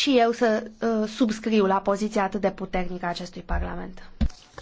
și eu să uh, subscriu la poziția atât de puternică a acestui Parlament.